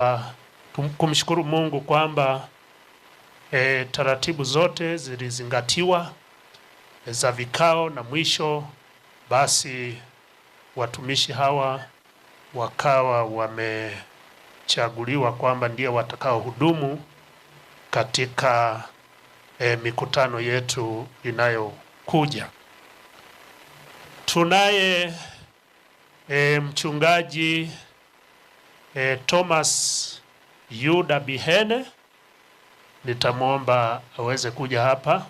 Ah, kumshukuru Mungu kwamba e, taratibu zote zilizingatiwa e, za vikao na mwisho basi watumishi hawa wakawa wamechaguliwa kwamba ndio watakao hudumu katika e, mikutano yetu inayokuja. Tunaye e, mchungaji eh, Thomas Yuda Bihene nitamwomba aweze kuja hapa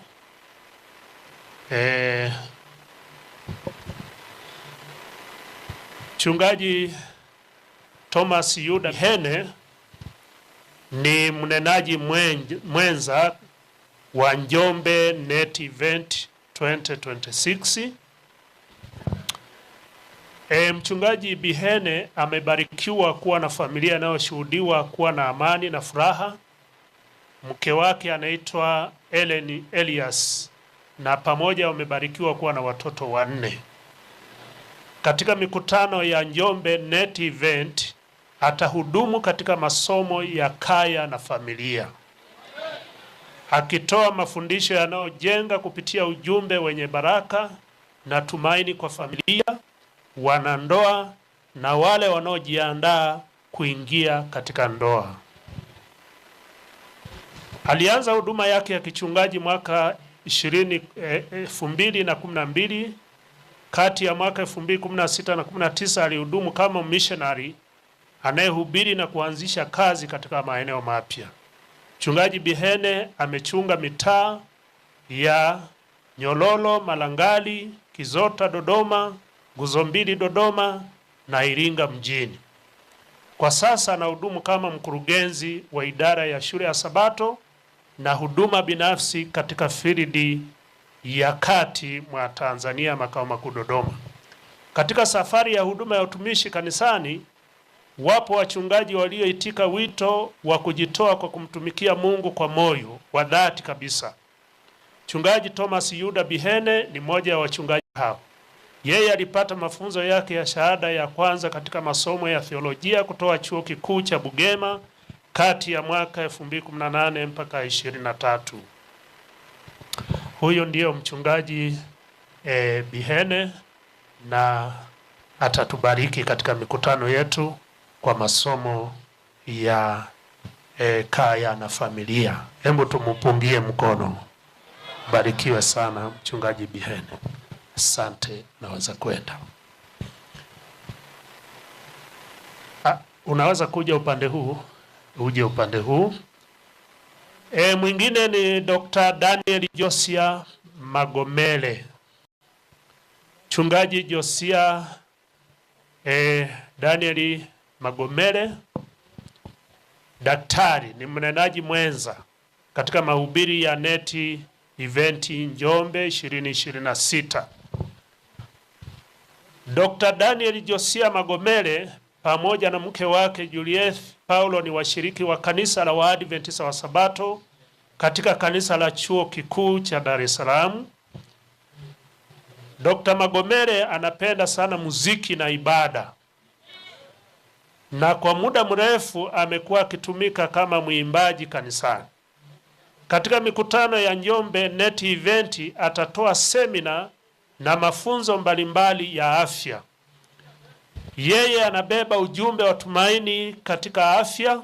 eh, Mchungaji Thomas Yuda Bihene ni mnenaji mwenza wa Njombe Net Event 2026 E, Mchungaji Bihene amebarikiwa kuwa na familia inayoshuhudiwa kuwa na amani na furaha. Mke wake anaitwa Eleni Elias na pamoja wamebarikiwa kuwa na watoto wanne. Katika mikutano ya Njombe Net Event atahudumu katika masomo ya kaya na familia, akitoa mafundisho yanayojenga kupitia ujumbe wenye baraka na tumaini kwa familia wanandoa na wale wanaojiandaa kuingia katika ndoa. Alianza huduma yake ya kichungaji mwaka 2012. Eh, Kati ya mwaka 2016 na 19 alihudumu kama missionary anayehubiri na kuanzisha kazi katika maeneo mapya. Mchungaji Bihene amechunga mitaa ya Nyololo, Malangali, Kizota, Dodoma nguzo mbili Dodoma na Iringa mjini. Kwa sasa anahudumu kama mkurugenzi wa idara ya shule ya Sabato na huduma binafsi katika filidi ya kati mwa Tanzania, makao makuu Dodoma. Katika safari ya huduma ya utumishi kanisani, wapo wachungaji walioitika wito wa kujitoa kwa kumtumikia Mungu kwa moyo wa dhati kabisa. Mchungaji Thomas Yuda Bihene ni mmoja wa wachungaji hao. Yeye alipata mafunzo yake ya shahada ya kwanza katika masomo ya theolojia kutoka chuo kikuu cha Bugema kati ya mwaka 2018 mpaka 23. Huyo ndiyo mchungaji e, Bihene na atatubariki katika mikutano yetu kwa masomo ya e, kaya na familia. Hebu tumupungie mkono. Barikiwe sana mchungaji Bihene. Asante, naweza kwenda. Ah, unaweza kuja upande huu, uje upande huu. E, mwingine ni Dr. Daniel Josia Magomele, chungaji Josia e, Daniel Magomele, daktari ni mnenaji mwenza katika mahubiri ya neti eventi Njombe 2026. Dr. Daniel Josia Magomele pamoja na mke wake Julieth Paulo ni washiriki wa kanisa la Waadventista wa Sabato katika kanisa la Chuo Kikuu cha Dar es Salaam. Dr. Magomele anapenda sana muziki na ibada na kwa muda mrefu amekuwa akitumika kama mwimbaji kanisani. Katika mikutano ya Njombe Net Event atatoa semina na mafunzo mbalimbali ya afya. Yeye anabeba ujumbe wa tumaini katika afya.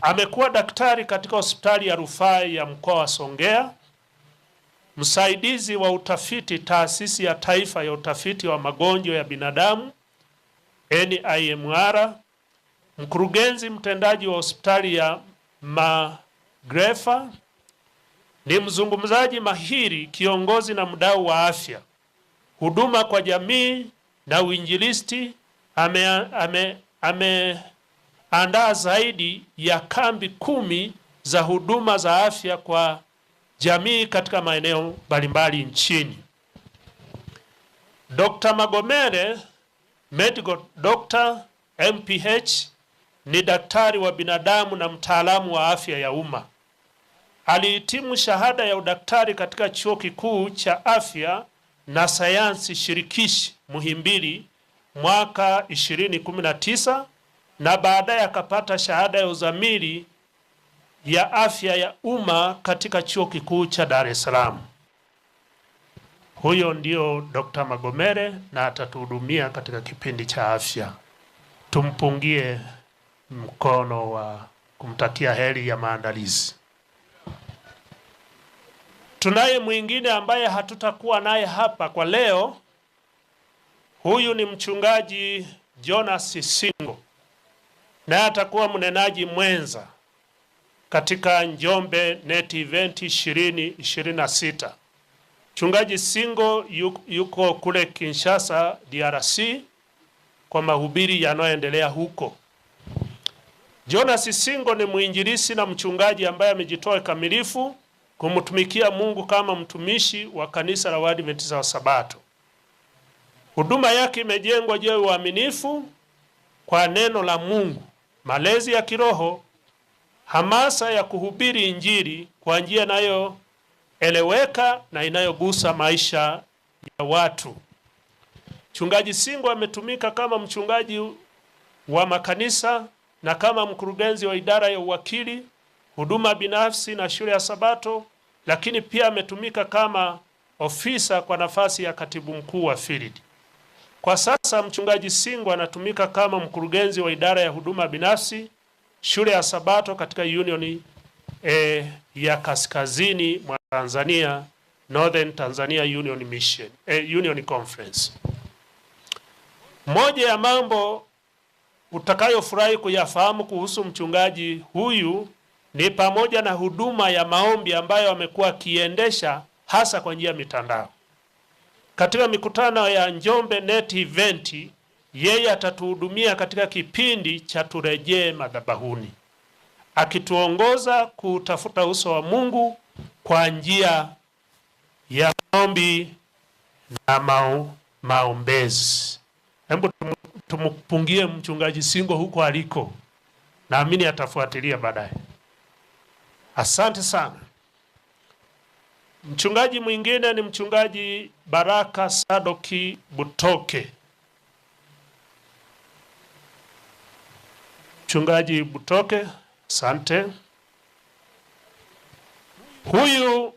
Amekuwa daktari katika hospitali ya rufaa ya mkoa wa Songea, msaidizi wa utafiti taasisi ya taifa ya utafiti wa magonjwa ya binadamu NIMR, mkurugenzi mtendaji wa hospitali ya Magrefa ni mzungumzaji mahiri, kiongozi na mdau wa afya, huduma kwa jamii na uinjilisti. Ameandaa ame, ame zaidi ya kambi kumi za huduma za afya kwa jamii katika maeneo mbalimbali nchini. Dr. Magomere medical doctor MPH ni daktari wa binadamu na mtaalamu wa afya ya umma alihitimu shahada ya udaktari katika chuo kikuu cha afya na sayansi shirikishi Muhimbili mwaka 2019 na baadaye akapata shahada ya uzamili ya afya ya umma katika chuo kikuu cha Dar es Salaam. Huyo ndio Dr. Magomere na atatuhudumia katika kipindi cha afya. Tumpungie mkono wa kumtakia heri ya maandalizi. Tunaye mwingine ambaye hatutakuwa naye hapa kwa leo. Huyu ni mchungaji Jonas Singo, naye atakuwa mnenaji mwenza katika Njombe Net Event 2026. Mchungaji Singo yuko kule Kinshasa DRC kwa mahubiri yanayoendelea huko. Jonas Singo ni mwinjilisi na mchungaji ambaye amejitoa kikamilifu kumtumikia Mungu kama mtumishi wa kanisa la Waadventista wa Sabato. Huduma yake imejengwa juu ya uaminifu kwa neno la Mungu, malezi ya kiroho, hamasa ya kuhubiri Injili kwa njia inayoeleweka na inayogusa maisha ya watu. Mchungaji singo ametumika kama mchungaji wa makanisa na kama mkurugenzi wa idara ya uwakili huduma binafsi na shule ya Sabato, lakini pia ametumika kama ofisa kwa nafasi ya katibu mkuu wa filidi Kwa sasa mchungaji Singo anatumika kama mkurugenzi wa idara ya huduma binafsi shule ya Sabato katika Union e, ya kaskazini mwa Tanzania, Northern Tanzania Union Mission, e, Union Conference. Moja ya mambo utakayofurahi kuyafahamu kuhusu mchungaji huyu ni pamoja na huduma ya maombi ambayo amekuwa akiendesha hasa kwa njia ya mitandao. Katika mikutano ya Njombe Net Event, yeye atatuhudumia katika kipindi cha turejee madhabahuni, akituongoza kutafuta uso wa Mungu kwa njia ya maombi na mao, maombezi. Hebu tumpungie mchungaji Singo huko aliko, naamini atafuatilia baadaye. Asante sana. Mchungaji mwingine ni mchungaji Baraka Sadoki Butoke. Mchungaji Butoke, asante. Huyu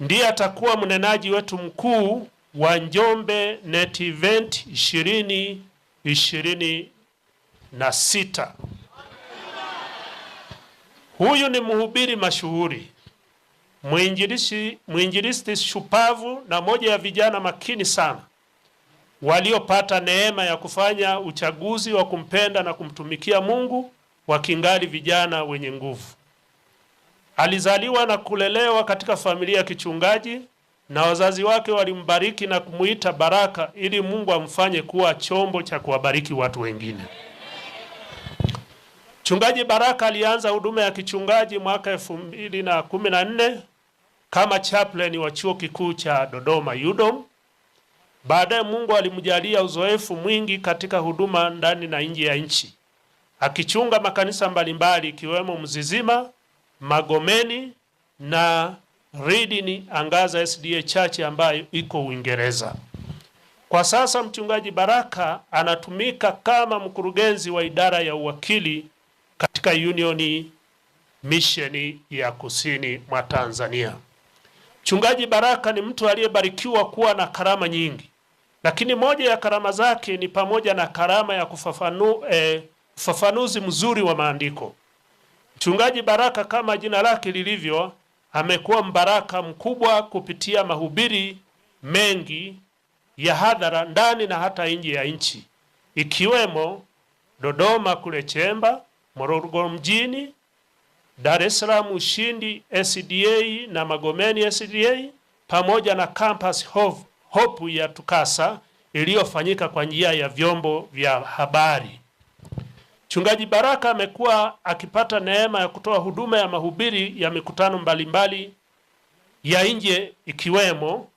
ndiye atakuwa mnenaji wetu mkuu wa Njombe Net Event ishirini na sita. Huyu ni mhubiri mashuhuri, mwinjilisti, mwinjilisti shupavu na moja ya vijana makini sana waliopata neema ya kufanya uchaguzi wa kumpenda na kumtumikia Mungu wakingali vijana wenye nguvu. Alizaliwa na kulelewa katika familia ya kichungaji na wazazi wake walimbariki na kumuita Baraka ili Mungu amfanye kuwa chombo cha kuwabariki watu wengine. Mchungaji Baraka alianza huduma ya kichungaji mwaka elfu mbili na kumi na nne kama chaplain wa chuo kikuu cha Dodoma Yudom. Baadaye Mungu alimjalia uzoefu mwingi katika huduma ndani na nje ya nchi, akichunga makanisa mbalimbali ikiwemo Mzizima, Magomeni na Ridini Angaza SDA Church ambayo iko Uingereza. Kwa sasa mchungaji Baraka anatumika kama mkurugenzi wa idara ya uwakili katika Union Mission ya kusini mwa Tanzania. Mchungaji Baraka ni mtu aliyebarikiwa kuwa na karama nyingi, lakini moja ya karama zake ni pamoja na karama ya kufafanu, eh, ufafanuzi mzuri wa maandiko. Mchungaji Baraka kama jina lake lilivyo, amekuwa mbaraka mkubwa kupitia mahubiri mengi ya hadhara ndani na hata nje ya nchi ikiwemo Dodoma kule Chemba, Morogoro mjini, Dar es Salaam Ushindi SDA na Magomeni SDA pamoja na campus hope ya Tukasa iliyofanyika kwa njia ya vyombo vya habari. Mchungaji Baraka amekuwa akipata neema ya kutoa huduma ya mahubiri ya mikutano mbalimbali ya nje ikiwemo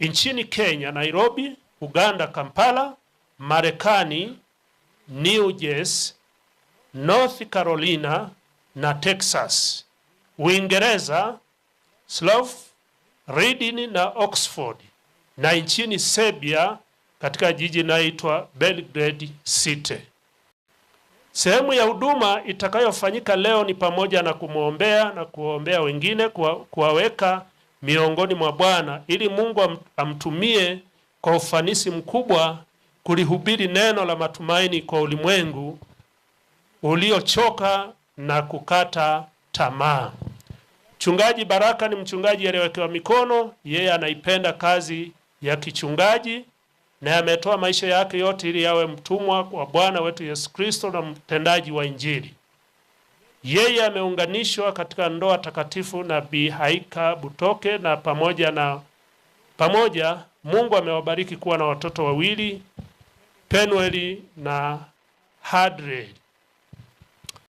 nchini Kenya Nairobi, Uganda Kampala, Marekani New Jersey North Carolina na Texas, Uingereza, Slough, Reading na Oxford, na nchini Serbia katika jiji inaitwa Belgrade City. Sehemu ya huduma itakayofanyika leo ni pamoja na kumwombea na kuwaombea wengine, kuwaweka miongoni mwa Bwana ili Mungu amtumie kwa ufanisi mkubwa kulihubiri neno la matumaini kwa ulimwengu uliochoka na kukata tamaa. Mchungaji Baraka ni mchungaji aliyewekewa mikono, yeye anaipenda kazi ya kichungaji na ametoa maisha yake yote ili yawe mtumwa kwa Bwana wetu Yesu Kristo na mtendaji wa Injili. Yeye ameunganishwa katika ndoa takatifu na Bi Haika Butoke na pamoja na pamoja Mungu amewabariki kuwa na watoto wawili Penueli na Hadred.